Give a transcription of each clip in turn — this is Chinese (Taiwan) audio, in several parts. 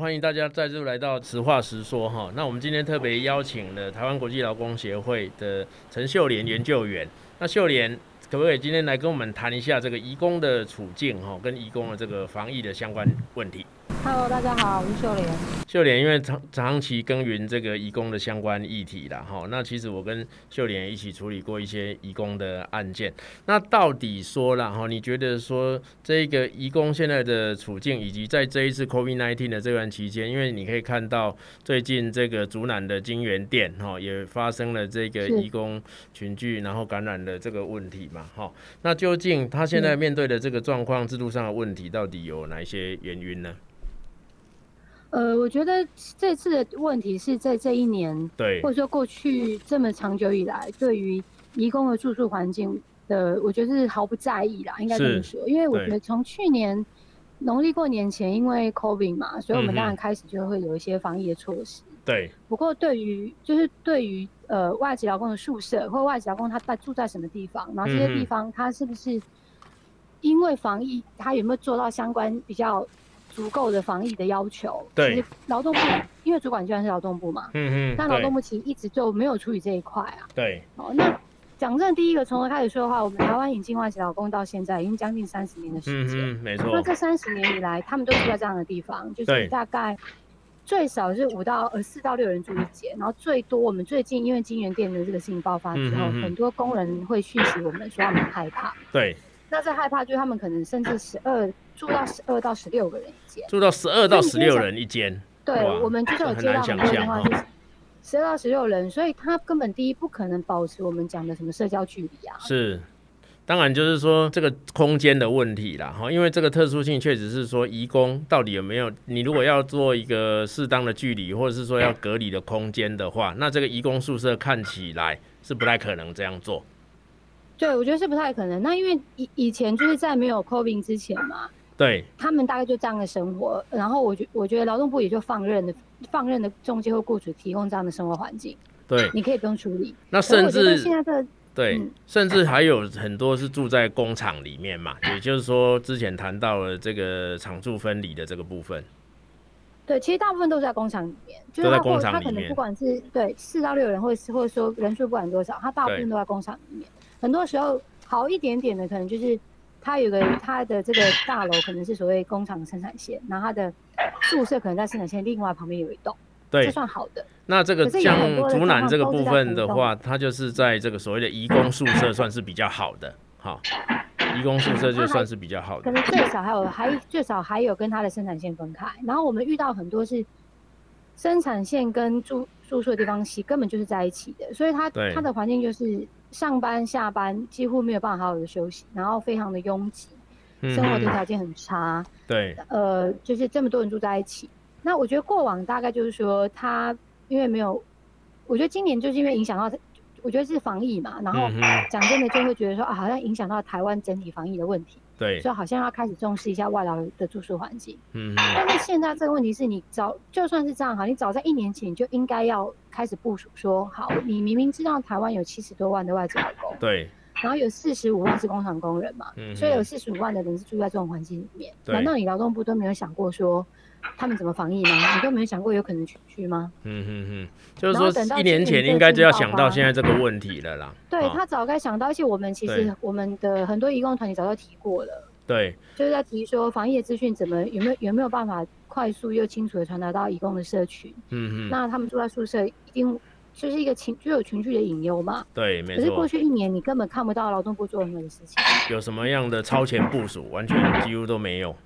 歡迎大家再次來到《實話實說》哈，那我們今天特別邀請了台灣國際勞工協會的陳秀蓮研究員。那秀蓮，可不可以今天來跟我們談一下這個移工的處境哈，跟移工的這個防疫的相關問題？Hello，大家好，我是秀蓮。秀蓮，因為長長期耕耘這個移工的相關議題了哈，那其實我跟秀蓮一起處理過一些移工的案件。那到底說了哈，你覺得說這個移工現在的處境，以及在這一次 COVID-19 的這段期間，因為你可以看到最近這個竹南的京元電哈，也發生了這個移工群聚然後感染的這個問題嘛哈。那究竟他現在面對的這個狀況，制度上的問題到底有哪一些原因呢？呃，我覺得這次的問題是在這一年，對，或者說過去這麼長久以來，對於移工的住宿環境的，我覺得是毫不在意啦，應該這麼說。因為我覺得從去年農曆過年前，因為 COVID 嘛，所以我們當然開始就會有一些防疫的措施。對、嗯。不過對於就是對於呃外籍勞工的宿舍，或外籍勞工他在住在什麼地方，然後這些地方他是不是因為防疫，他有沒有做到相關比較？足夠的防疫的要求，對，其實勞動部因為主管機關是勞動部嘛，嗯嗯，但勞動部其實一直就沒有處理這一塊啊，對，哦、喔，那講真第一個從頭開始說的話，我們台灣引進外籍勞工到現在已經將近三十年的時間、嗯嗯，沒錯。那這三十年以來，他們都住在這樣的地方，就是大概最少是五到呃四到六人住一間，然後最多我們最近因為京元電子的這個事情爆發之後，嗯嗯很多工人會訊息我們說他們害怕，對，那這害怕就是他們可能甚至十二。住到十二到十六個人一間、嗯，住到十二到十六人一間，對，對，我們就是有接到十二到十六人、嗯，很難想像，哦，所以他根本第一不可能保持我們講的什麼社交距離啊。是，當然就是說這個空間的問題啦，哈，因為這個特殊性確實是說，移工到底有沒有？你如果要做一個適當的距離，或者是說要隔離的空間的話，那這個移工宿舍看起來是不太可能這樣做。對，我覺得是不太可能。那因為以以前就是在沒有 COVID 之前嘛。對他們大概就這樣的生活，然後我覺我覺得勞動部也就放任的放任的中介或雇主提供這樣的生活環境。對，你可以不用處理。那甚至現在、這個、對、嗯，甚至還有很多是住在工廠裡面嘛，也就是說之前談到了這個廠住分離的這個部分。對，其實大部分都是在工廠裡面，就是他就在工廠裡面，他可能不管是對四到六人或，或是或者說人數不管多少，他大部分都在工廠裡面。很多時候好一點點的，可能就是。它有個它的這個大樓可能是所謂工廠的生產線，然後它的宿舍可能在生產線另外旁邊有一棟，對，這算好的。那這個像竹南這個部分的話，它就是在這個所謂的移工宿舍算是比較好的，好、嗯，移工宿舍就算是比較好的。可能最少還有還最少還有跟它的生產線分開，然後我們遇到很多是生產線跟住,住宿的地方系根本就是在一起的，所以它它的環境就是。上班下班幾乎沒有辦法好好的休息，然後非常的擁擠，生活的條件很差。對，呃，就是這麼多人住在一起。那我覺得過往大概就是說，他因為沒有，我覺得今年就是因為影響到，我覺得是防疫嘛。然後講真的，就會覺得說，嗯、啊，好像影響到台灣整體防疫的問題。對，就好像要開始重視一下外勞的住宿環境。嗯，但是現在這個問題是你早就算是這樣好，你早在一年前就應該要開始部署說，說好，你明明知道台灣有七十多萬的外籍勞工。對。然後有四十五萬是工廠工人嘛，嗯、所以有四十五萬的人是住在這種環境裡面。難道你勞動部都沒有想過說他們怎麼防疫嗎？你都沒有想過有可能群聚嗎？嗯哼哼，就是說一年前應該就要想到現在這個問題了啦。嗯哦、對他早該想到，而且我們其實我們的很多移工團體早就提過了。對，就是在提說防疫的資訊怎麼有沒有有沒有辦法快速又清楚的傳達到移工的社群？嗯哼，那他們住在宿舍一定。就是一個情，就有群聚的隱憂嘛。對，沒錯。可是過去一年，你根本看不到勞動部做任何的事情。有什麼樣的超前部署，完全幾乎都沒有。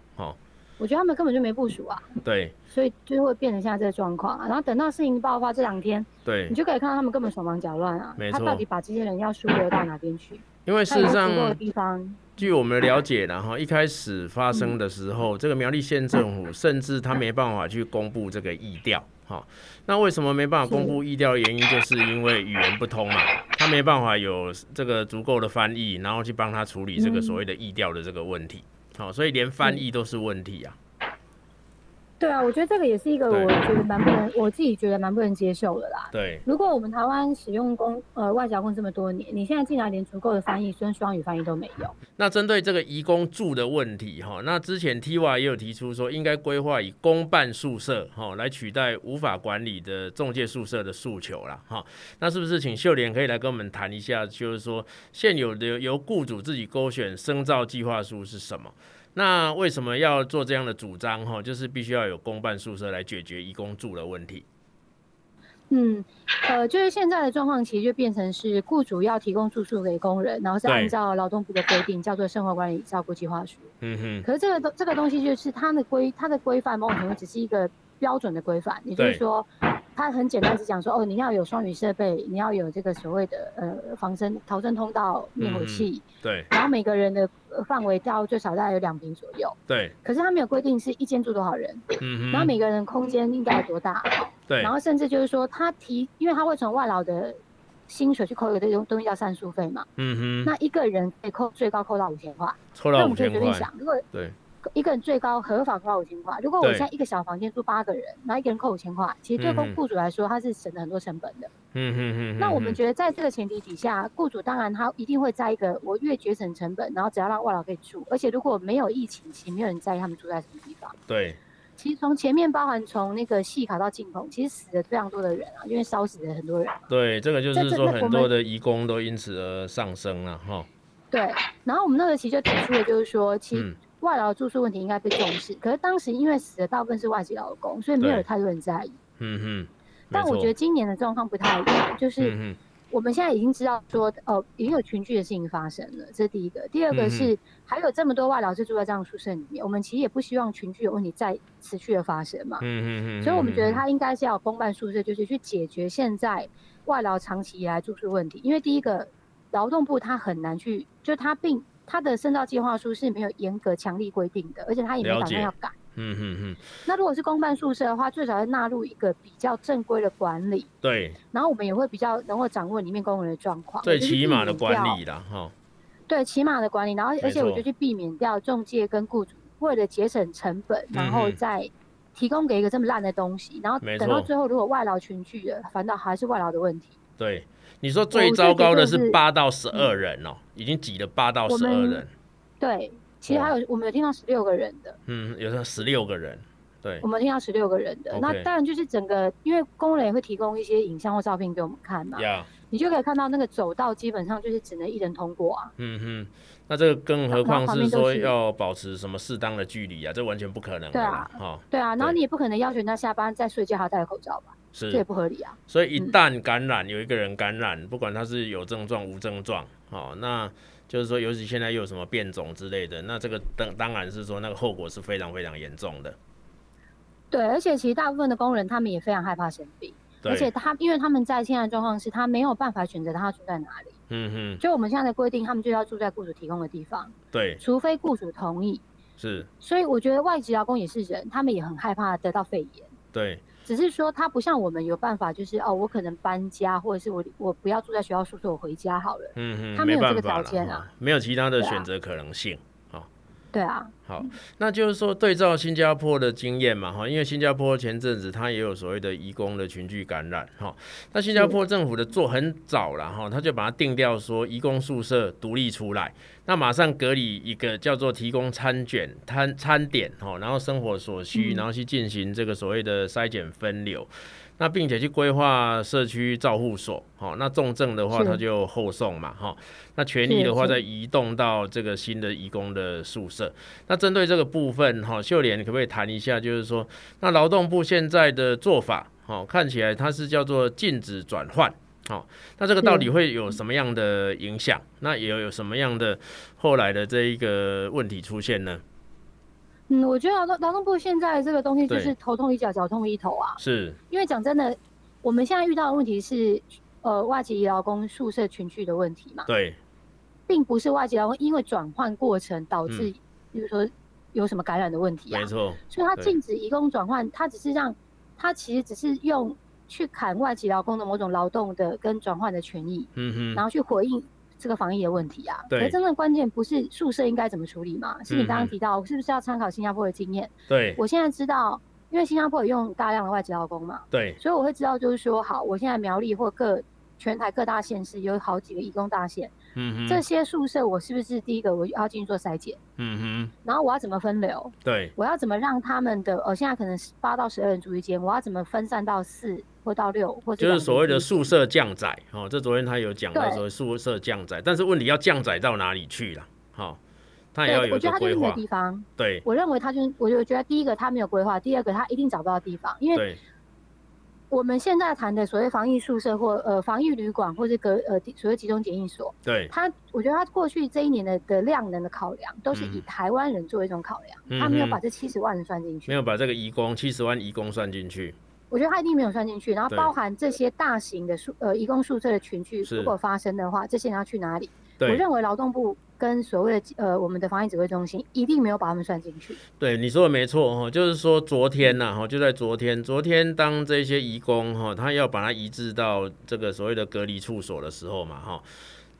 我覺得他們根本就沒部署啊。對。所以最後變成現在這個狀況啊。然後等到事情爆發這兩天，對，你就可以看到他們根本手忙腳亂啊。沒錯。他到底把這些人要疏流到哪邊去？因為事實上，地方，據我們了解，然後一開始發生的時候，嗯、這個苗栗縣政府甚至他沒辦法去公布這個疫調。好，那為什麼沒辦法公布疫調，原因就是因為語言不通嘛，他沒辦法有這個足夠的翻譯，然後去幫他處理這個所謂的疫調的這個問題。好，所以連翻譯都是問題啊。對啊，我覺得這個也是一個我覺得蠻不能，我自己覺得蠻不能接受的啦。對，如果我們台灣使用工、呃外交工這麼多年，你現在進來連足夠的翻譯、雙雙語翻譯都沒有。嗯，那針對這個移工住的問題哈，那之前 TIWA 也有提出說，應該規劃以公辦宿舍哈來取代無法管理的仲介宿舍的訴求啦。哈。那是不是請秀蓮可以來跟我們談一下，就是說，現有的由雇主自己勾選生造計劃書是什麼？那為什麼要做這樣的主張？哈，就是必須要有公辦宿舍來解決移工住的問題。嗯，呃，就是現在的狀況其實就變成是僱主要提供住宿給工人，然後是按照勞動部的規定叫做生活管理照顧計劃書。嗯哼。可是這個東這個東西就是它的規它的規範，某種程度只是一個。標準的規範，也就是說，他很簡單只講說，哦，你要有雙語設備，你要有這個所謂的呃防身逃生通道、滅火器，對，然後每個人的範圍到最少大概有兩坪左右，對。可是他沒有規定是一間住多少人，嗯然後每個人空間應該有多大，對、嗯。然後甚至就是說，他提，因為他會從外勞的薪水去扣一個這種東西叫膳宿費嘛，嗯那一個人可以扣最高扣到五千塊，扣到五千塊，那我們可以隨便想，如果對。一個人最高合法扣五千塊。如果我現在一個小房間住八個人，那一個人扣五千塊，其實對公雇主來說、嗯，他是省了很多成本的。嗯嗯嗯。那我們覺得，在這個前提底下，雇主當然他一定會在一個我越節省成本，然後只要讓外勞可以住，而且如果沒有疫情期，其實沒有人在意他們住在什麼地方。對。其實從前面包含從那個細卡到進口，其實死了非常多的人啊，因為燒死了很多人、啊。對，這個就是說很多的移工都因此而上升了、啊、哈。對，然後我們那個其實就提出了，就是說其實、嗯。外勞住宿問題應該被重視，可是當時因為死的大部分是外籍勞工，所以沒有太多人在意。嗯嗯，但我覺得今年的狀況不太一樣，就是我們現在已經知道說，哦，已經有群聚的事情發生了，這是第一個。第二個是還有這麼多外勞是住在這樣宿舍裡面、嗯，我們其實也不希望群聚的問題再持續的發生嘛。嗯嗯嗯。所以我們覺得他應該是要公辦宿舍，就是去解決現在外勞長期以來住宿問題，因為第一個勞動部他很難去，就是他並。他的升造計劃書是沒有嚴格強力規定的，而且他也沒有打算要改。嗯嗯嗯。那如果是公辦宿舍的話，最少要納入一個比較正規的管理。對。然後我們也會比較能夠掌握裡面工人的狀況。對，起碼的管理啦，哈、就是。對，起碼的管理，然後而且我就去避免掉中介跟僱主為了節省成本，然後再提供給一個這麼爛的東西，然後等到最後如果外勞群聚了，反倒還是外勞的問題。對，你說最糟糕的是八到十二人哦，哦、就是嗯，已經擠了八到十二人。對，其實還有我們有聽到十六個人的。嗯，有聽到十六個人。對，我們聽到十六個人的。Okay. 那當然就是整個，因為工人也會提供一些影像或照片給我們看嘛。呀、yeah.。你就可以看到那個走道基本上就是只能一人通過啊。嗯哼，那這個更何況是說要保持什麼適當的距離啊，這完全不可能啊。對啊。對啊。哦、對啊，然後你也不可能要求人家下班再睡覺還要戴口罩吧？是，這也不合理啊。所以一旦感染，嗯，有一個人感染，不管他是有症狀無症狀，哦，那就是說，尤其現在又有什麼變種之類的，那這個當當然是說那個後果是非常非常嚴重的。對，而且其實大部分的工人他們也非常害怕生病，而且他因為他們在現在的狀況是他沒有辦法選擇他要住在哪裡。嗯哼。就我們現在的規定，他們就要住在雇主提供的地方。對。除非雇主同意。是。所以我覺得外籍勞工也是人，他們也很害怕得到肺炎。對。只是說，他不像我們有辦法，就是哦，我可能搬家，或者是我我不要住在學校宿舍，說說我回家好了。嗯嗯，沒他沒有這個條件啊，嗯，沒有其他的選擇可能性。對啊，好，那就是說，對照新加坡的經驗嘛，哈，因為新加坡前陣子它也有所謂的移工的群聚感染，哈，那新加坡政府的做很早了，哈，他就把它定調說，移工宿舍獨立出來，那馬上隔離一個叫做提供餐卷攤餐點，哈，然後生活所需，然後去進行這個所謂的篩檢分流。那並且去規劃社區照護所，好，那重症的話他就後送嘛，哈，那權益的話再移動到這個新的移工的宿舍。那針對這個部分，哈，秀蓮你可不可以談一下，就是說，那勞動部現在的做法，好，看起來它是叫做禁止轉換，好，那這個到底會有什麼樣的影響？那也有什麼樣的後來的這一個問題出現呢？嗯，我覺得勞動，勞動部現在這個東西就是頭痛醫腳，腳痛醫頭啊。是。因為講真的，我們現在遇到的問題是，呃，外籍勞工宿舍群聚的問題嘛。對。並不是外籍勞工因為轉換過程導致，嗯，比如說有什麼感染的問題啊。沒錯。所以他禁止移工轉換，他只是讓，他其實只是用去砍外籍勞工的某種勞動的跟轉換的權益。嗯哼。然後去回應。這個防疫的問題啊，對，可是真正關鍵不是宿舍應該怎麼處理嘛？是你剛剛提到，是不是要參考新加坡的經驗？對，我現在知道，因為新加坡有用大量的外籍勞工嘛，對，所以我會知道，就是說，好，我現在苗栗或各全台各大縣市有好幾個移工大縣，嗯哼，這些宿舍我是不是第一個我要進去做篩檢？嗯哼，然後我要怎麼分流？對，我要怎麼讓他們的呃現在可能是八到十二人住一間，我要怎麼分散到四？或到六，或者就是所謂的宿舍降載，哈、哦，這昨天他有講到所謂宿舍降載，但是問題要降載到哪裡去了，哈、哦，他也要有一個，我覺得他就沒有地方，對，我認為他就我就覺得第一個他沒有規劃，第二個他一定找不到地方，因為我們現在談的所謂防疫宿舍或呃防疫旅館或是隔呃所謂集中檢疫所，對他，我覺得他過去這一年的的量能的考量都是以台灣人作為一種考量、嗯，他沒有把這七十萬人算進去、嗯，沒有把這個移工七十萬移工算進去。我覺得他一定沒有算進去，然後包含這些大型的宿，呃，移工宿舍的群聚。如果發生的話，這些人要去哪裡？我認為勞動部跟所謂的，呃，我們的防疫指揮中心一定沒有把他們算進去。對，你說的沒錯哈，就是說昨天吶，哈，就在昨天，昨天當這些移工哈，他要把它移植到這個所謂的隔離處所的時候嘛，哈，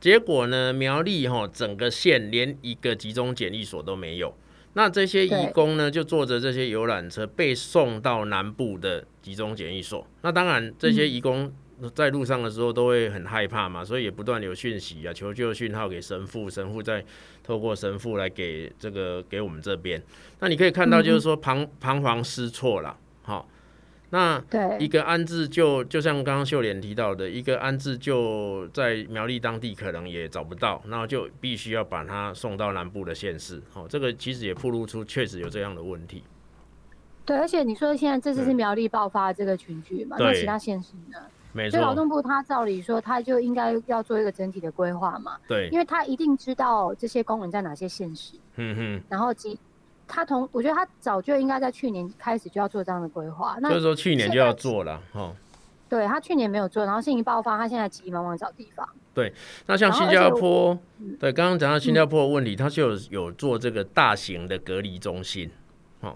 結果呢，苗栗哈，整個縣連一個集中檢疫所都沒有。那這些移工呢，就坐着這些遊覽車被送到南部的集中檢疫所。那當然，這些移工在路上的時候都會很害怕嘛，所以也不斷有訊息啊、求救訊號給神父，神父再透過神父來給這個給我們這邊。那你可以看到，就是說，彷彷徨失措了，好。那對一個安置就就像剛剛秀蓮提到的，一個安置就在苗栗當地可能也找不到，然後就必須要把它送到南部的縣市。好、哦，這個其實也暴露出確實有這樣的問題。對，而且你說現在這次是苗栗爆發這個群聚嘛，嗯、那其他縣市呢？沒錯。所以勞動部他照理說他就應該要做一個整體的規劃嘛。對。因為他一定知道這些工人在哪些縣市。嗯哼。然後他同我覺得他早就應該在去年開始就要做這樣的規劃。就是說去年就要做了哈。對，他去年沒有做，然後疫情爆發，他現在急忙忙找地方。對，那像新加坡，對，剛剛講到新加坡的問題，嗯、他就有有做這個大型的隔離中心、嗯哦、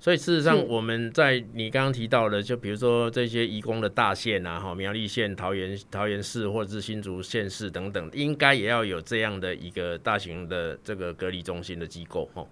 所以事實上，我們在你剛剛提到的，就比如說這些移工的大縣啊，哈、哦，苗栗縣、桃園、桃園市或者是新竹縣市等等，應該也要有這樣的一個大型的這個隔離中心的機構哈。哦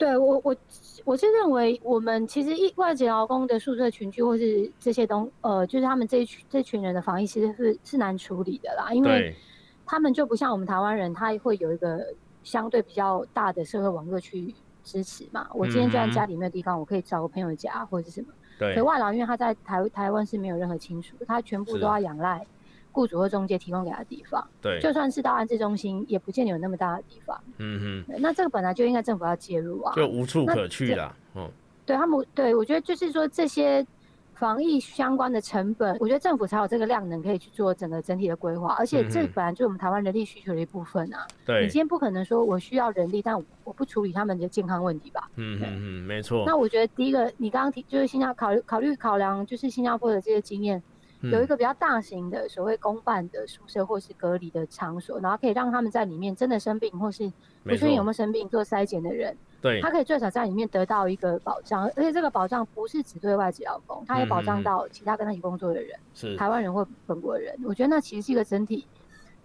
對我我我是認為我們其實一外外籍勞工的宿舍群居或是這些東呃就是他們這一群這群人的防疫其實是是難處理的啦，因為他們就不像我們台灣人，他會有一個相對比較大的社會網絡去支持嘛。我今天就在家裡面的地方，嗯，我可以找個朋友家或者是什麼，對外勞因為他在台台灣是沒有任何親屬，他全部都要仰賴。雇主或中介提供給他的地方，對，就算是到安置中心，也不見得有那麼大的地方。嗯，那這個本來就應該政府要介入啊，就無處可去了，嗯、哦，對他們，對我覺得就是說，這些防疫相關的成本，我覺得政府才有這個量能可以去做整個整體的規劃，而且這本來就是我們台灣人力需求的一部分啊。對、嗯，你今天不可能說我需要人力，但我，我不處理他們的健康問題吧？嗯嗯嗯，沒錯。那我覺得第一個，你剛剛提就是新加考慮考慮考量，就是新加坡的這些經驗。嗯、有一個比較大型的所謂公辦的宿舍或是隔離的場所，然後可以讓他們在裡面真的生病或是不確定有沒有生病做篩檢的人，他可以最少在裡面得到一個保障，而且這個保障不是只對外籍勞工，他也保障到其他跟他一起工作的人，是、嗯、台灣人或本國人，我覺得那其實是一個整體。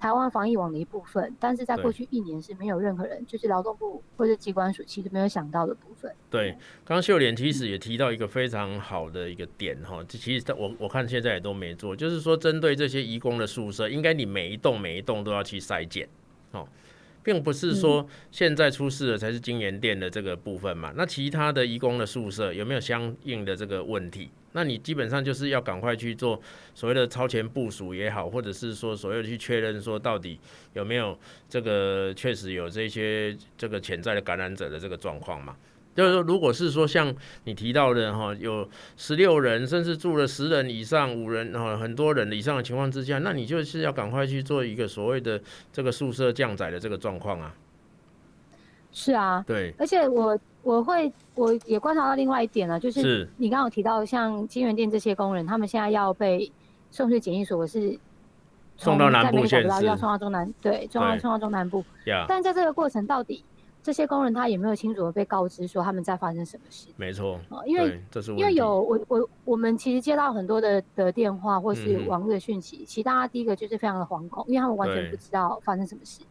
臺灣防疫網的一部分，但是在過去一年是沒有任何人，就是勞動部或者機關署其實沒有想到的部分。對，剛秀蓮其實也提到一個非常好的一個點哈，這、嗯、其實我我看現在也都沒做，就是說針對這些移工的宿舍，應該你每一棟每一棟都要去篩檢，並不是說現在出事的才是京元電的這個部分嘛、嗯，那其他的移工的宿舍有沒有相應的這個問題？那你基本上就是要趕快去做所謂的超前部署也好，或者是說所謂的去確認說到底有沒有這個確實有這些這個潛在的感染者的這個狀況嘛？就是說，如果是說像你提到的哈，有十六人，甚至住了十人以上、五人哈，很多人以上的情況之下，那你就是要趕快去做一個所謂的這個宿舍降載的這個狀況啊。是啊，對，而且我。我會，我也觀察到另外一點呢，就是你剛剛有提到像京元電這些工人，他們現在要被送去檢疫所，是送到南部，裡？中南縣到要送到中南，對，送到，送到中南部。Yeah. 但在這個過程，到底這些工人他有沒有清楚的被告知說他們在發生什麼事？沒錯。因為因為有我我我們其實接到很多的的電話或是網絡的訊息，嗯、其實大家第一個就是非常的惶恐，因為他們完全不知道發生什麼事。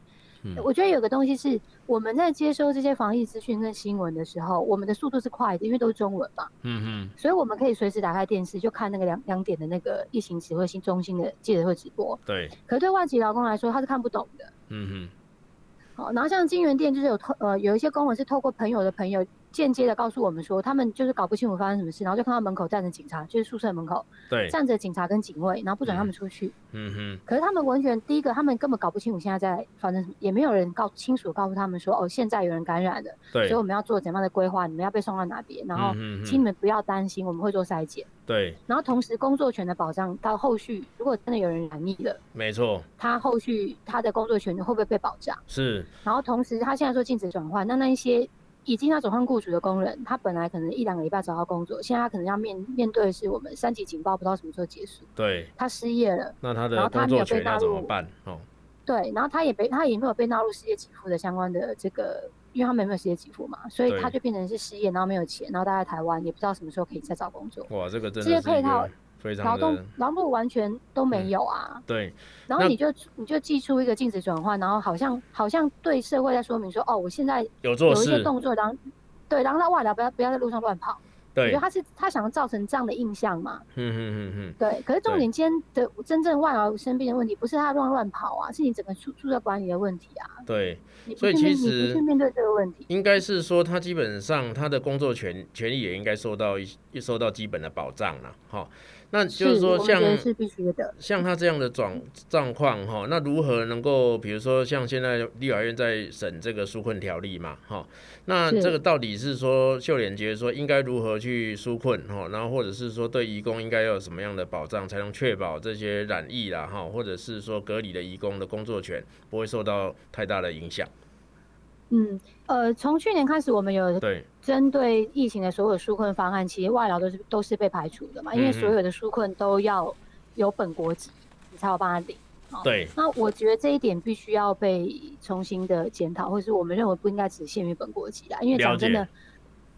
嗯、我覺得有個東西是。我們在接收這些防疫資訊跟新聞的時候，我們的速度是快的，因為都是中文嘛。嗯哼，所以我們可以隨時打開電視，就看那個兩兩點的那個疫情指揮中心的記者會直播。對，可對外籍勞工來說，他是看不懂的。嗯哼。好，然後像京元電就是有透呃有一些工人是透過朋友的朋友間接的告訴我們說，他們就是搞不清楚發生什麼事，然後就看到門口站着警察，就是宿舍的門口，對，站着警察跟警衛，然後不准他們出去。嗯，嗯哼。可是他們完全第一個，他們根本搞不清楚現在在，發生什麼也沒有人告清楚告訴他們說，哦現在有人感染了。對。所以我們要做怎樣的規劃？你們要被送到哪邊？然後、嗯哼哼，請你們不要擔心，我們會做篩檢。對，然後同時工作權的保障，到後續如果真的有人染疫了，沒錯，他後續他的工作權會不會被保障？是。然後同時他現在做禁止轉換，那那一些已經要轉換雇主的工人，他本來可能一兩個禮拜找到工作，現在他可能要面面對的是我們三級警報，不知道什麼時候結束。對。他失業了，那他的工作權要怎麼怎麼辦？哦，對，然後他也被他也沒有被納入失業給付的相關的這個。因為他沒有失業給付嘛，所以他就變成是失業，然後沒有錢，然後待在台灣，也不知道什麼時候可以再找工作。哇，這個這些配套，勞動勞動完全都沒有啊。嗯、對，然後你就你就寄出一個禁止轉換，然後好像好像對社會在說明說，哦，我現在有一些動作然後。對，然後他外頭不要不要在路上亂跑。對，他是他想要造成這樣的印象嘛。嗯嗯嗯嗯。對，可是重點，今天的真正外勞生病的問題，不是他亂亂跑啊，是你整個宿宿舍管理的問題啊。對，所以其實你不去面對這個問題，應該是說他基本上他的工作權權利也應該受到一受到基本的保障了，啊，哈。那就是說，像像他這樣的狀狀況哈，那如何能夠，比如說像現在立法院在審這個紓困條例嘛哈，那這個到底是說秀蓮覺得說應該如何去紓困哈，然後或者是說對移工應該要有什麼樣的保障，才能確保這些染疫啦？哈，或者是說隔離的移工的工作權不會受到太大的影響。嗯，呃，從去年開始，我們有針對疫情的所有紓困方案，其實外勞都是都是被排除的嘛，嗯、因為所有的紓困都要有本國籍，你才有辦法領。對。哦、那我覺得這一點必須要被重新的檢討，或者是我們認為不應該只限於本國籍的，因為講真的，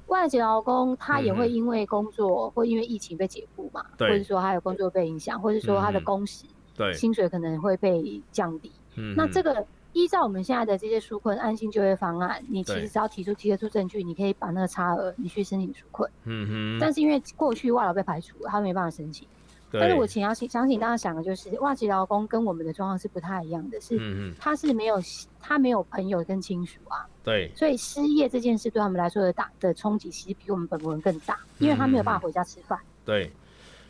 外籍勞工他也會因為工作、嗯、或因為疫情被解僱嘛，或者說他有工作被影響，或者說他的工時、嗯對、薪水可能會被降低。嗯。那這個。依照我們現在的這些紓困安心就業方案，你其實只要提出、提得出證據，你可以把那個差額你去申請紓困。嗯哼。但是因為過去外勞被排除了，他沒辦法申請。對。但是我想要想請大家想的就是，外籍勞工跟我們的狀況是不太一樣的是，是、嗯、他是沒有他沒有朋友跟親屬啊。對。所以失業這件事對他們來說的大的衝擊，其實比我們本國人更大、嗯，因為他沒有辦法回家吃飯。對。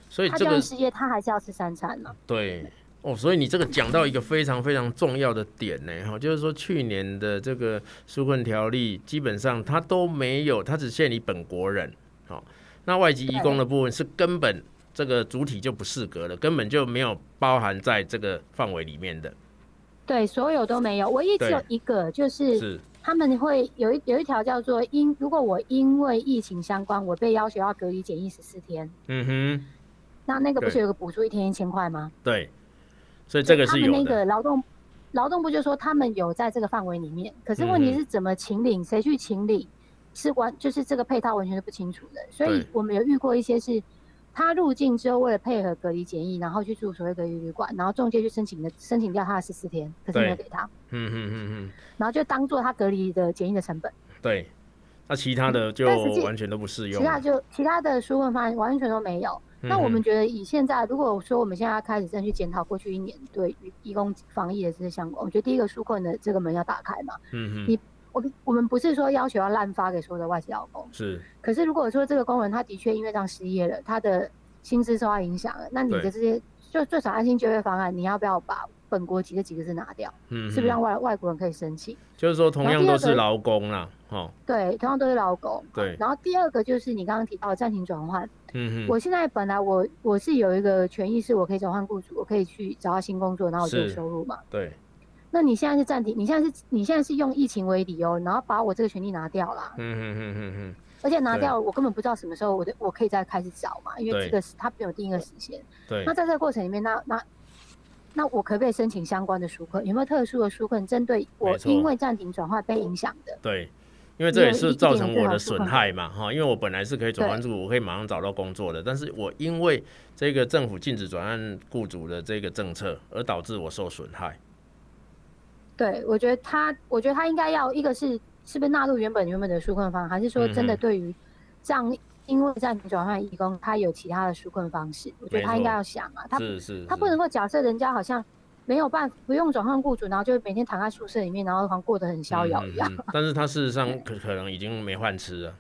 所以、這個、他就算失業，他還是要吃三餐呢、啊。對。哦，所以你這個講到一個非常非常重要的點呢，哈，就是說去年的這個紓困條例，基本上它都沒有，它只限你本國人，那外籍移工的部分是根本這個主體就不適格了，根本就沒有包含在這個範圍裡面的。對，所有都沒有，唯一只有一個就是，是他們會有一有一條叫做因，因如果我因為疫情相關，我被要求要隔離檢疫十四天，嗯哼，那那個不是有個補助一天一千塊嗎？對。所以這個是有那個勞動勞動部就說他們有在這個範圍裡面，可是問題是怎麼請領，誰、嗯、去請領，是完就是這個配套完全是不清楚的。所以我們有遇過一些是，他入境之後為了配合隔離檢疫，然後去住所謂隔離旅館，然後仲介去申請的，申請掉他的十四天，可是沒有給他。嗯嗯嗯嗯。然後就當做他隔離的檢疫的成本。對。那其他的就完全都不適用，嗯其他就。其他的，其他的紓困方案完全都沒有。那我們覺得，以現在如果說我們現在要開始正去檢討過去一年對於移工防疫的這些相關，我覺得第一個紓困的這個門要打開嘛。嗯嗯。你我我們不是說要求要濫發給所有的外籍勞工。是。可是如果說這個工人他的確因為這樣失業了，他的薪資受到影響了，那你的這些就最少安心就業方案，你要不要把本國籍這幾個字拿掉？嗯。是不是讓外外國人可以申請？就是說，同樣都是勞工啊、哦、對，同樣都是勞工。對。然後第二個就是你剛剛提到的暫停轉換。嗯，我現在本來我我是有一個權益，是我可以轉換雇主，我可以去找到新工作，然後我就有收入嘛。對，那你現在是暫停，你現在是你現在是用疫情為理由，然後把我這個權利拿掉了。嗯嗯嗯嗯嗯。而且拿掉，我根本不知道什麼時候我的我可以再開始找嘛，因為這個它沒有定一個時間。對。那在這個過程裡面，那那那我可不可以申請相關的紓困？有沒有特殊的紓困針對我因為暫停轉換被影響的？對。因為這也是造成我的損害嘛，哈，因為我本來是可以轉換雇主，我可以馬上找到工作的，但是我因為這個政府禁止轉換雇主的這個政策，而導致我受損害。對，我覺得他，我覺得他應該要，一個是是不是納入原本原本的紓困方還是說真的對於這樣，因為樣你轉換移工，他有其他的紓困方式，我覺得他應該要想啊，他是是是他不能夠假設人家好像。沒有辦法，不用轉換雇主，然後就每天躺在宿舍裡面，然後好像過得很逍遙一樣，嗯嗯。但是他事實上可可能已經沒飯吃了，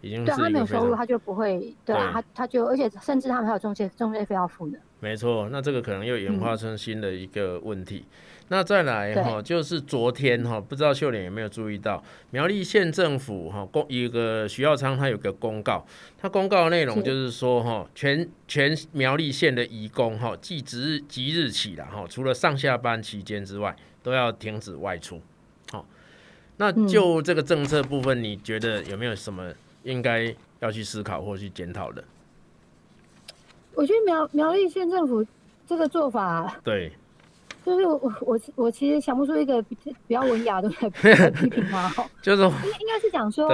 已經對他沒有收入，他就不會，對啊，他他就而且甚至他們還有中介中介費要付的。沒錯，那這個可能又演化成新的一個問題。嗯那再來哈，就是昨天哈，不知道秀蓮有沒有注意到苗栗縣政府哈公一個徐耀昌他有一個公告，他公告的內容就是說哈，全全苗栗縣的移工哈即即日起了哈，除了上下班期間之外，都要停止外出。好，那就這個政策部分，你覺得有沒有什麼應該要去思考或去檢討的？我覺得苗苗栗縣政府這個做法對。就是我，我，我其實想不出一個比較文雅的批評他，就是應應該是講說，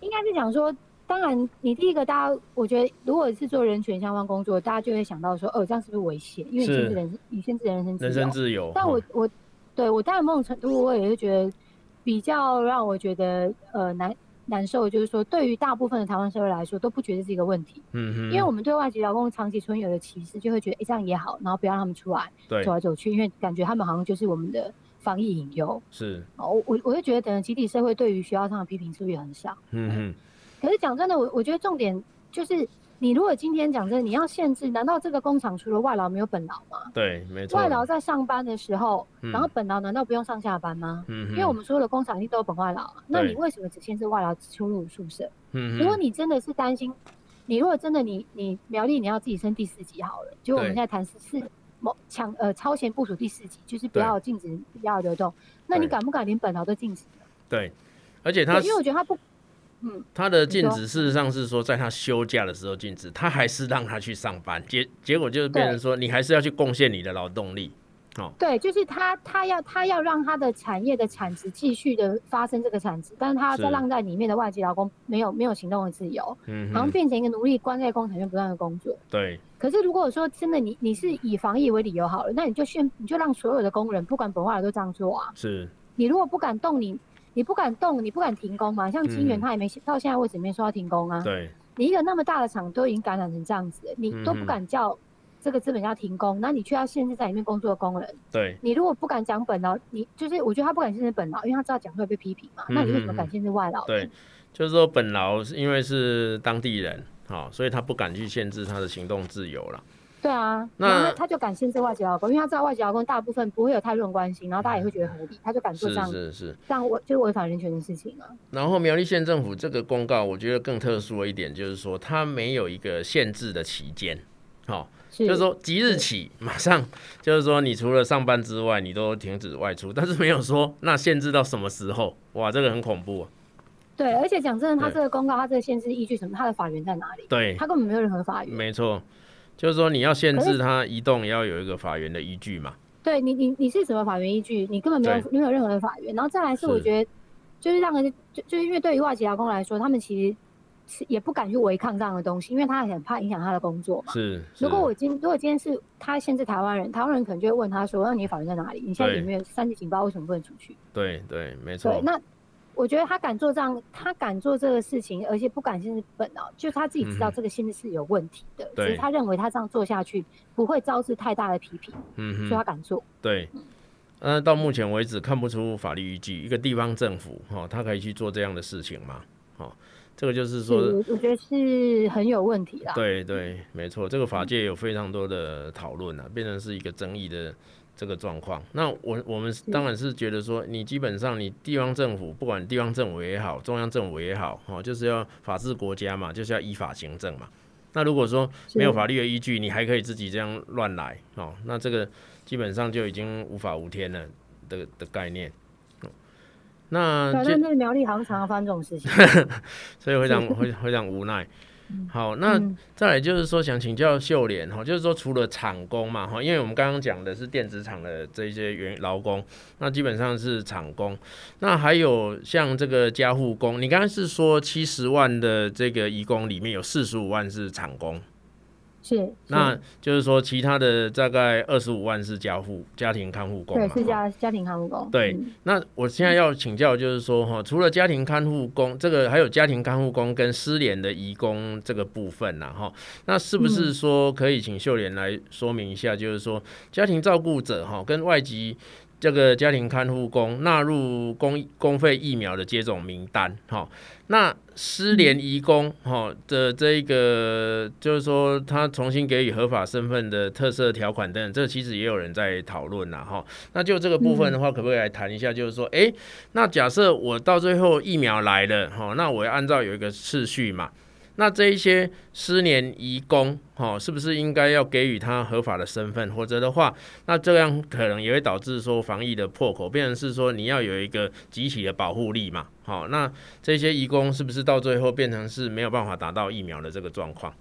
應該是講說，當然你第一個，大家我覺得如果是做人權相關工作，大家就會想到說，哦，這樣是不是危險？因為你限制人，你限制人人身自由。但我、嗯、我，對我當然某種程度，我也是覺得比較讓我覺得呃難難受就是說，對於大部分的台灣社會來說，都不覺得是一個問題。嗯嗯，因為我們對外籍勞工長期存有的歧視，就會覺得、欸、這樣也好，然後不要讓他們出來走來走去，因為感覺他們好像就是我們的防疫隱憂。是我我我就覺得，等集體社會對於學校上的批評，是不是也很少？嗯嗯，可是講真的，我我覺得重點就是。你如果今天講真的、這個，你要限制，難道這個工廠除了外勞沒有本勞嗎？對，沒錯。外勞在上班的時候，嗯、然後本勞難道不用上下班嗎？嗯。因為我們所有的工廠一定都有本外勞啊。那你為什麼只限制外勞出入宿舍？嗯。如果你真的是擔心，你如果真的你你苗栗，你要自己升第四級好了，就我們現在談是是某強呃超前部署第四級，就是不要禁止不要流動，那你敢不敢連本勞都禁止，啊對？對，而且他因為我覺得他不。他的禁止事實上是說，在他休假的時候禁止，他還是讓他去上班，結結果就是變成說，你還是要去貢獻你的勞動力。哦，對，就是他他要他要讓他的產業的產值繼續的發生這個產值，但是他在讓在裡面的外籍勞工沒有沒有行動的自由，好像、嗯、變成一個奴隸，關在工廠就不斷的工作。對。可是如果說真的你你是以防疫為理由好了，那你就先你就讓所有的工人不管本外的都這樣做啊。是。你如果不敢動你。你不敢動，你不敢停工嘛。像京元，他也沒到現在為止沒說要停工啊，嗯。對，你一個那麼大的廠都已經感染成這樣子，你都不敢叫這個資本家停工，那，嗯，你卻要限制在裡面工作的工人。對，你如果不敢講本勞，你就是我覺得他不敢限制本勞，因為他知道講會被批評嘛，嗯。那你為什麼敢限制外勞？對，就是說本勞是因為是當地人，哈，所以他不敢去限制他的行動自由了。對啊，那他就敢限制外籍勞工，因為他知道外籍勞工大部分不會有太多人關心，然後大家也會覺得合理、嗯，他就敢做這樣是是是這樣違就違反人權的事情了、啊。然後苗栗縣政府這個公告，我覺得更特殊一點，就是說他沒有一個限制的期間，好、哦，就是說即日起馬上，就是說你除了上班之外，你都停止外出，但是沒有說那限制到什麼時候，哇，這個很恐怖、啊。對，而且講真的，他這個公告，他這個限制依據什麼？他的法源在哪裡？對他根本沒有任何法源。沒錯。就是說，你要限制他移動，也要有一個法源的依據嘛？對你，你你是什麼法源依據？你根本沒有，沒有任何的法源。然後再來是，我覺得是就是讓人就就是因為對於外籍勞工來說，他們其實是也不敢去違抗這樣的東西，因為他很怕影響他的工作嘛。是。是如果我今如果今天是他限制台灣人，台灣人可能就會問他說：“那你法源在哪裡？你現在裡面有三級警報，為什麼不能出去？”對對，沒錯。對，那。我覺得他敢做這樣，他敢做這個事情，而且不感興趣本哦，就他自己知道這個心在是有問題的。嗯，對，所以他認為他這樣做下去不會招致太大的批評，嗯，所以他敢做。對，到目前為止看不出法律依據，一個地方政府哦，喔，他可以去做這樣的事情嗎？喔，這個就是說，我覺得是很有問題啦。對對，沒錯，這個法界有非常多的討論呢，變成是一個爭議的。這個狀況，那我我們當然是覺得說，你基本上你地方政府不管地方政府也好，中央政府也好，哦，就是要法治國家嘛，就是要依法行政嘛。那如果說沒有法律的依據，你還可以自己這樣亂來哦，那這個基本上就已經無法無天了的的、的概念。嗯、那現在苗栗好像常發生這種事情， 所以非常、非非常無奈。好，那再來就是說，想請教秀蓮哈，就是說，除了廠工嘛哈，因為我們剛剛講的是電子廠的這些員勞工，那基本上是廠工，那還有像這個家護工，你剛剛是說七十萬的這個移工裡面有四十五萬是廠工。是，是，那就是說，其他的大概二十五萬是家戶、家庭看護工，對，是家家庭看護工。對，那我現在要請教，就是說，哈，除了家庭看護工這個，還有家庭看護工跟失聯的移工這個部分呢，哈，那是不是說可以請秀蓮來說明一下，就是說家庭照顧者哈，跟外籍這個家庭看護工納入公公費疫苗的接種名單，哈。那失聯移工哈的這個，就是說他重新給予合法身份的特色條款等等，這其實也有人在討論啦哈。那就這個部分的話，可不可以來談一下？就是說，誒，那假設我到最後疫苗來了哈，那我要按照有一個次序嘛？那這一些失聯移工，哦，是不是應該要給予他合法的身份？否則的話，那這樣可能也會導致說防疫的破口，變成是說你要有一個集體的保護力嘛？好、哦，那這些移工是不是到最後變成是沒有辦法打到疫苗的這個狀況？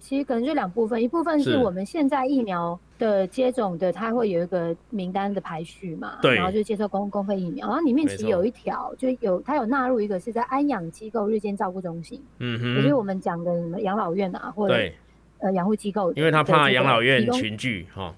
其實可能就兩部分，一部分是我們現在疫苗的接種的，它會有一個名單的排序嘛，對，然後就接受公公費疫苗。然後裡面其實有一條，就有它有納入一個是在安養機構、日間照顧中心，嗯，也就是我們講的什麼養老院啊，或者呃養護機構。因為他怕養老院群聚哈、哦。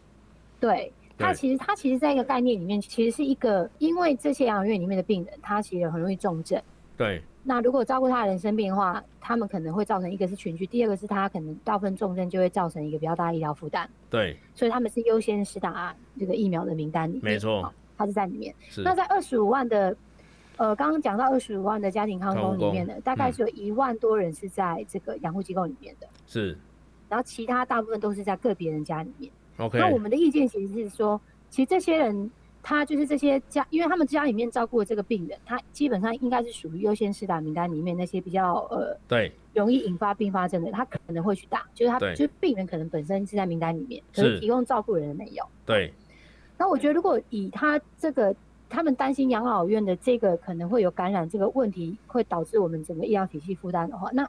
對，他其實他其實在一個概念裡面，其實是一個，因為這些養老院裡面的病人，他其實很容易重症。對。那如果照顧他的人生病的話，他們可能會造成一個是群聚，第二個是他可能大部分重症就會造成一個比較大的醫療負擔。對，所以他們是優先施打這個疫苗的名單裡沒錯，哦，他是在裡面。那在二十五萬的，呃，剛剛講到二十五萬的家庭康工裡面呢，大概是有一萬多人是在這個養護機構裡面的，嗯、是。然後其他大部分都是在個別人家裡面。Okay，那我們的意見其實是說，其實這些人。他就是這些家，因為他們家裡面照顧的這個病人，他基本上應該是屬於優先施打名單裡面那些比較呃，對，容易引發併發症的，他可能會去打。就是他，就是病人可能本身是在名單裡面，是,可是提供照顧人的沒有。對。啊、那我覺得，如果以他這個，他們擔心養老院的這個可能會有感染這個問題，會導致我們整個醫療體系負擔的話，那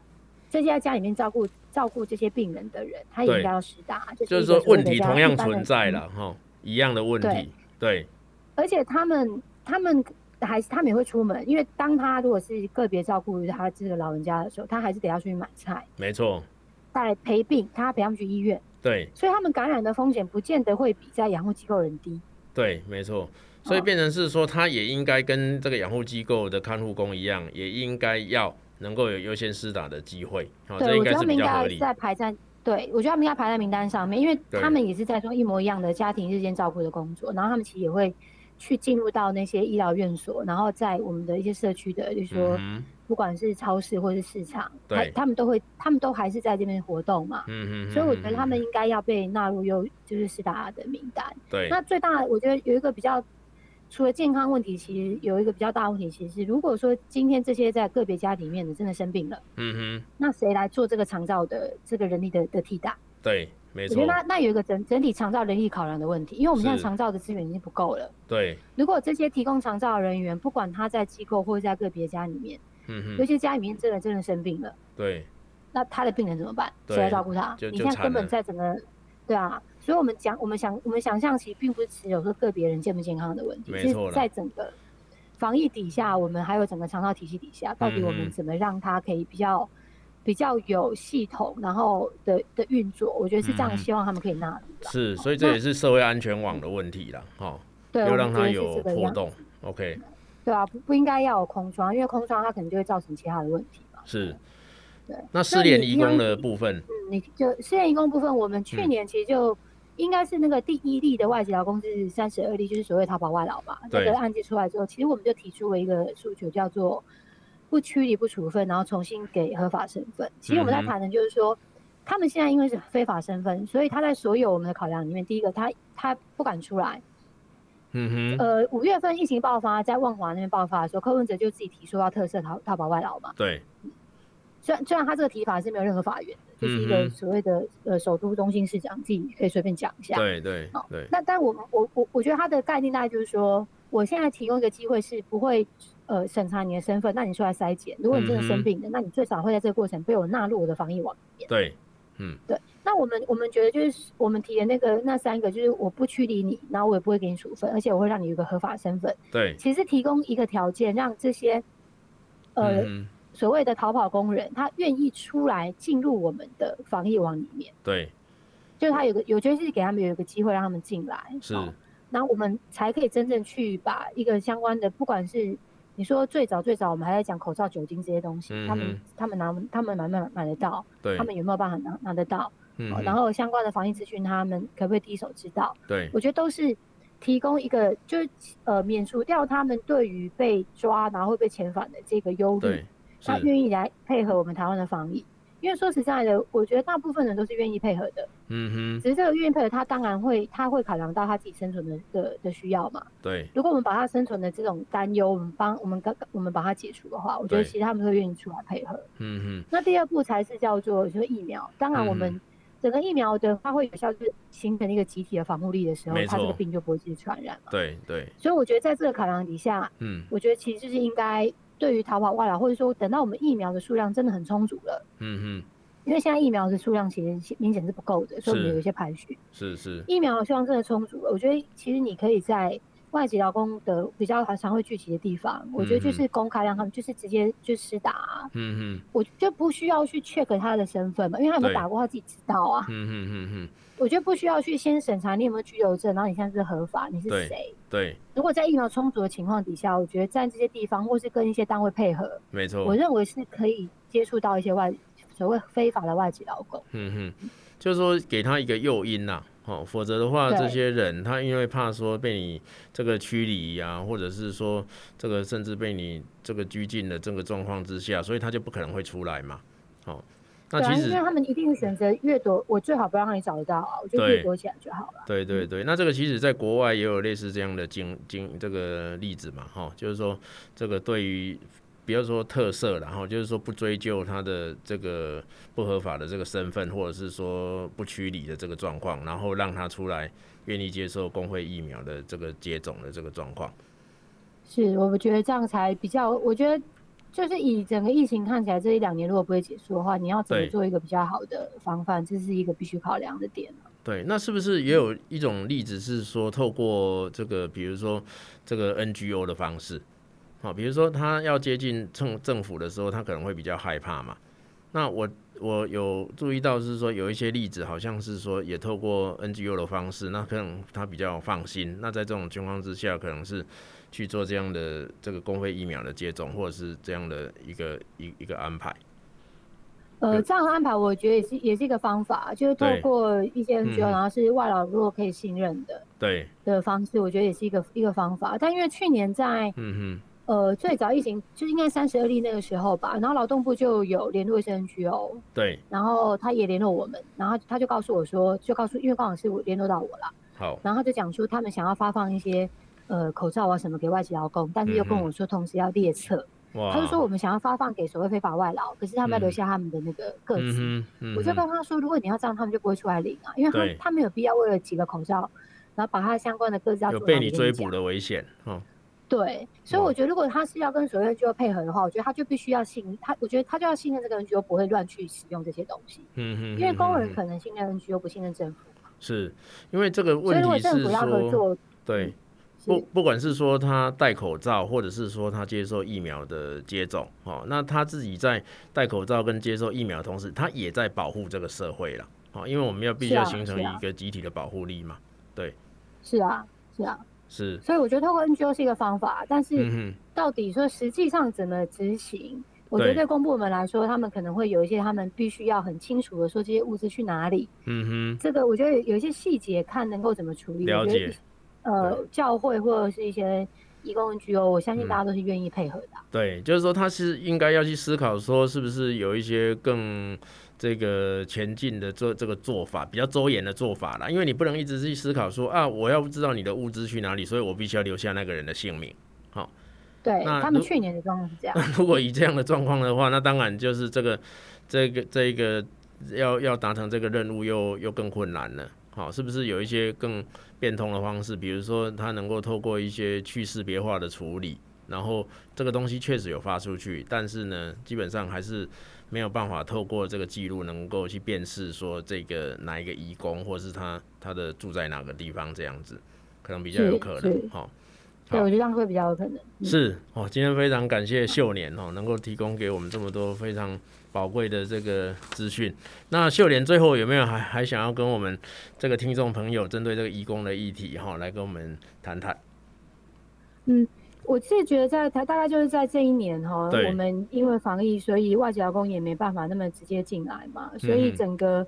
這些在家裡面照顧照顧這些病人的人，他也應該要施打、就是。就是說問題同樣存在了哈，一樣的問題，對。對而且他們他們還是他們也會出門，因為當他如果是個別照顧他這個老人家的時候，他還是得要出去買菜。沒錯。帶來陪病，他陪他們去醫院。對。所以他們感染的風險不見得會比在養護機構人低。對，沒錯。所以變成是說，他也應該跟這個養護機構的看護工一樣，哦、也應該要能夠有優先施打的機會。好、哦，這應該是比較合理。我覺得他們應該在排在。對，我覺得他們應該排在名單上面，因為他們也是在做一模一樣的家庭日間照顧的工作，然後他們其實也會。去進入到那些醫療院所，然後在我們的一些社區的，就是說、嗯，不管是超市或是市場，對，他們都會，他們都還是在這邊活動嘛。嗯哼嗯哼。所以我覺得他們應該要被納入有，就是十大，大的名單。對。那最大我覺得有一個比較，除了健康問題，其實有一個比較大問題，其實是如果說今天這些在個別家裡面的真的生病了，嗯哼，那誰來做這個長照的這個人力的的替代？對。我覺得那那有一個整整體長照人力考量的問題，因為我們現在長照的資源已經不夠了。對，如果這些提供長照的人員，不管他在機構或者在個別家裡面，嗯哼，尤其家裡面真的真的生病了，對，那他的病人怎麼辦？誰來照顧他？你現在根本在整個，對啊，所以我們講我們想我們想象，其實並不是只有說個別人健不健康的問題，其實、就是、在整個防疫底下，我們還有整個長照體系底下、嗯，到底我們怎麼讓他可以比較。比較有系統，然後的的運作，我覺得是這樣，希望他們可以納入、嗯。是，所以這也是社會安全網的問題啦，哈、喔。對，讓他有讓它有破洞。OK。對啊，不不應該要有空窗，因為空窗它可能就會造成其他的問題嘛。是。對對，那失聯移、移工的部分，嗯，你就失聯移工部分，我們去年其實就應該是那個第一例的外籍勞工是三十二例，就是所謂逃跑外勞嘛。對。那個、案件出來之後，其實我們就提出了一個訴求，叫做。不驅離、不處分，然後重新給合法身份。其實我們在談的，就是說、嗯，他們現在因為是非法身份，所以他在所有我們的考量裡面，第一個，他他不敢出來。嗯哼。呃，五月份疫情爆發，在萬華那邊爆發的時候，柯文哲就自己提出要特赦逃、逃跑外勞嘛。對。雖然雖然他這個提法是沒有任何法源的，就是一個所謂的、嗯、呃首都中心市長自己也可以隨便講一下。對對。好，對。那但我我我我覺得他的概念大概就是說，我現在提供一個機會是不會。呃，審查你的身份，那你出來篩檢。如果你真的生病的嗯嗯，那你最少會在這個過程被我納入我的防疫網裡面。對，嗯，對。那我們我們覺得就是我們提的那個那三個，就是我不驅離你，然後我也不會給你處分，而且我會讓你有一個合法身份。對，其實提供一個條件，讓這些呃嗯嗯所謂的逃跑工人，他願意出來進入我們的防疫網裡面。對，就是他有個有，就是給他們有一個機會，讓他們進來。是，那、哦、我們才可以真正去把一個相關的，不管是你說最早最早，我們還在講口罩、酒精這些東西，嗯、他們他們拿他們買不買，買得到？他們有沒有辦法拿拿得到、嗯？然後相關的防疫資訊，他們可不可以第一手知道？我覺得都是提供一個，就是呃免除掉他們對於被抓然後會被遣返的這個憂慮，他願意來配合我們台灣的防疫。因為說實在的，我覺得大部分人都是願意配合的。嗯哼。只是這個願意配合，他當然會，他會考量到他自己生存的的的需要嘛。對。如果我們把他生存的這種擔憂，我們幫我們我們把它解除的話，我覺得其實他們都願意出來配合。嗯哼。那第二步才是叫做就是疫苗。當然，我們整個疫苗的，它會有效，就是形成一個集體的防護力的時候，沒錯。它這個病就不會去傳染了。對對。所以我覺得在這個考量底下，嗯，我覺得其實就是應該。對於逃跑外勞，或者說等到我們疫苗的數量真的很充足了，嗯嗯，因為現在疫苗的數量其實明顯是不夠的，所以我們有一些排序，是是，是，疫苗的希望真的充足了，我覺得其實你可以在。外籍勞工的比較常會聚集的地方、嗯，我覺得就是公開讓他們就是直接就施打、啊。嗯嗯，我就不需要去 check 他的身份嘛，因為他有沒有打過，他自己知道啊。嗯嗯嗯嗯，我覺得不需要去先審查你有沒有居留證，然後你現在是合法，你是誰？對。如果在疫苗充足的情況底下，我覺得在這些地方或是跟一些單位配合，沒錯，我認為是可以接觸到一些外所謂非法的外籍勞工。嗯哼，就是說給他一個誘因吶、啊。哦，否則的話，這些人他因為怕說被你這個驅離呀，或者是說這個甚至被你這個拘禁的這個狀況之下，所以他就不可能會出來嘛。哦，那其實他們一定選擇越躲，我最好不要讓你找得到啊，我就自己躲起來就好了。對對對，那這個其實在國外也有類似這樣的經經這個例子嘛。哈，就是說這個對於。比如說特色，然後就是說不追究他的這個不合法的這個身份，或者是說不驅離的這個狀況，然後讓他出來願意接受工會疫苗的這個接種的這個狀況。是，我們覺得這樣才比較。我覺得就是以整個疫情看起來，這一兩年如果不會結束的話，你要怎麼做一個比較好的防範，這是一個必須考量的點。對，那是不是也有一種例子是說，透過這個，比如說這個 NGO 的方式？好，比如說他要接近政政府的時候，他可能會比較害怕嘛。那我我有注意到，是說有一些例子，好像是說也透過 NGO 的方式，那可能他比較放心。那在這種情況之下，可能是去做這樣的這個公費疫苗的接種，或者是這樣的一個一一個安排。呃，這樣的安排我覺得也是也是一個方法，就是透過一些 NGO，然後是外勞如果可以信任的對的方式，我覺得也是一個一個方法。但因為去年在嗯哼。呃，最早疫情就應該三十二例那個時候吧，然後勞動部就有聯絡衛生局哦。對。然後他也聯絡我們，然後他就告訴我說，就告訴，因為剛好是我聯絡到我了。好。然後他就講說他們想要發放一些呃口罩啊什麼給外籍勞工，但是又跟我說同時要列冊。哇、嗯。他就說我們想要發放給所謂非法外勞，可是他們要留下他們的那個個資。嗯嗯。我就跟他說，如果你要這樣，他們就不會出來領啊，因為他他沒有必要為了幾個口罩，然後把他相關的個資有被你追捕的危險。嗯。對，所以我覺得如果他是要跟所有人機構配合的話，我覺得他就必須要信他，我覺得他就要信任這個機構就不會亂去使用這些東西。嗯哼，嗯哼，因為工人可能信任人機構，不信任政府嘛。是因為這個問題是說，所以如果政府要合作，對，嗯、不不管是說他戴口罩，或者是說他接受疫苗的接種，哦，那他自己在戴口罩跟接受疫苗的同時，他也在保護這個社會了，哦，因為我們要必須要形成一個集體的保護力嘛、啊啊。對。是啊，是啊。是，所以我覺得透過 NGO 是一個方法，但是到底說實際上怎麼執行，嗯，我覺得對公部門來說，他們可能會有一些他們必須要很清楚的說這些物資去哪裡。嗯哼，這個我覺得有一些細節看能夠怎麼處理。了解，呃，教會或者是一些義工 NGO，我相信大家都是願意配合的，嗯。對，就是說他是應該要去思考說是不是有一些更。這個前進的做這個做法比較周延的做法啦，因為你不能一直去思考說啊，我要知道你的物資去哪裡，所以我必須要留下那個人的性命。好、哦，對他們去年的狀況是這樣。那如果以這樣的狀況的話，那當然就是這個這個這個要要達成這個任務又又更困難了。好、哦，是不是有一些更變通的方式？比如說，他能夠透過一些去識別化的處理，然後這個東西確實有發出去，但是呢，基本上還是。沒有辦法透過這個記錄能夠去辨識說，這個哪一個移工，或是他他的住在哪個地方這樣子，可能比較有可能，哈、哦哦，對，我覺得這樣會比較有可能。嗯、是哦，今天非常感謝秀蓮哈、哦，能夠提供給我們這麼多非常寶貴的這個資訊。那秀蓮最後有沒有還還想要跟我們這個聽眾朋友針對這個移工的議題哈、哦，來跟我們談談？嗯。我是覺得在台大概就是在這一年哈，我們因為防疫，所以外籍勞工也沒辦法那麼直接進來嘛、嗯，所以整個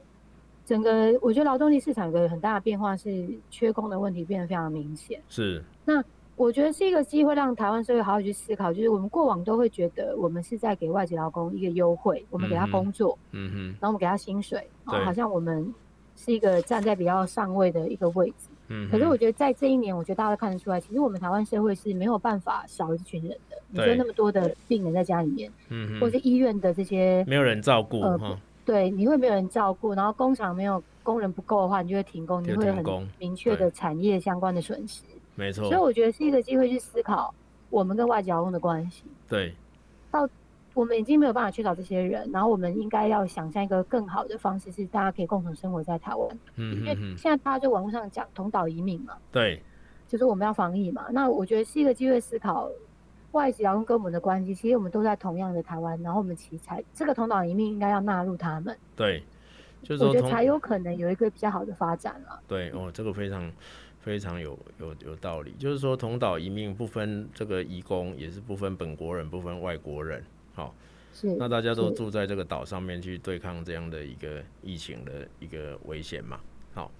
整個我覺得勞動力市場有很大的變化，是缺工的問題變得非常明顯。是。那我覺得是一個機會，讓台灣社會好好去思考，就是我們過往都會覺得我們是在給外籍勞工一個優惠，我們給他工作，嗯哼，然後我們給他薪水，好像我們是一個站在比較上位的一個位置。嗯，可是我覺得在這一年，我覺得大家都看得出來，其實我們台灣社會是沒有辦法少一群人的。你說那麼多的病人在家裡面，嗯，或是醫院的這些沒有人照顧，呃，嗯，對，你會沒有人照顧，然後工廠沒有工人不夠的話，你就會停工，你會有很明確的產業相關的損失，沒錯。所以我覺得是一個機會去思考我們跟外籍勞工的關係。對。到。我們已經沒有辦法去找這些人，然後我們應該要想象一個更好的方式，是大家可以共同生活在台灣。嗯，嗯嗯，因為現在大家就網絡上講同島移民嘛，對，就是我們要防疫嘛。那我覺得是一個機會，思考外籍勞工跟我們的關係。其實我們都在同樣的台灣，然後我們其實才這個同島移民應該要納入他們。對，就是說我覺得才有可能有一個比較好的發展了。對哦，這個非常非常有有有道理。嗯。就是說同島移民不分這個移工，也是不分本國人，不分外國人。好、哦，是那大家都住在這個島上面去對抗這樣的一個疫情的一個危險嘛？好、哦，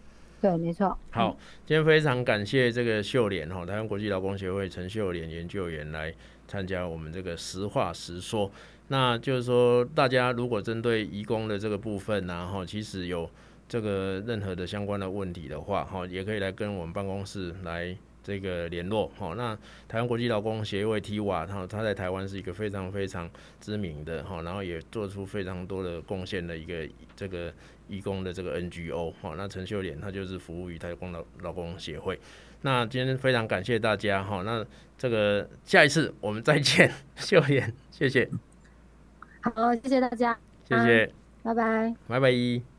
對，沒錯。好、嗯，今天非常感謝這個秀蓮哈，台灣國際勞工協會陳秀蓮研究員來參加我們這個實話實說。那就是說，大家如果針對移工的這個部分然、啊、後其實有這個任何的相關的問題的話，哈，也可以來跟我們辦公室來。這個聯絡，好，那台灣國際勞工協會 TIWA，然後他在台灣是一個非常非常知名的，哈，然後也做出非常多的貢獻的一個這個移工的這個 NGO，哈，那陳秀蓮她就是服務於台灣勞勞工協會。那今天非常感謝大家，哈，那這個下一次我們再見，秀蓮，謝謝。好，謝謝大家，謝謝，拜拜，拜拜。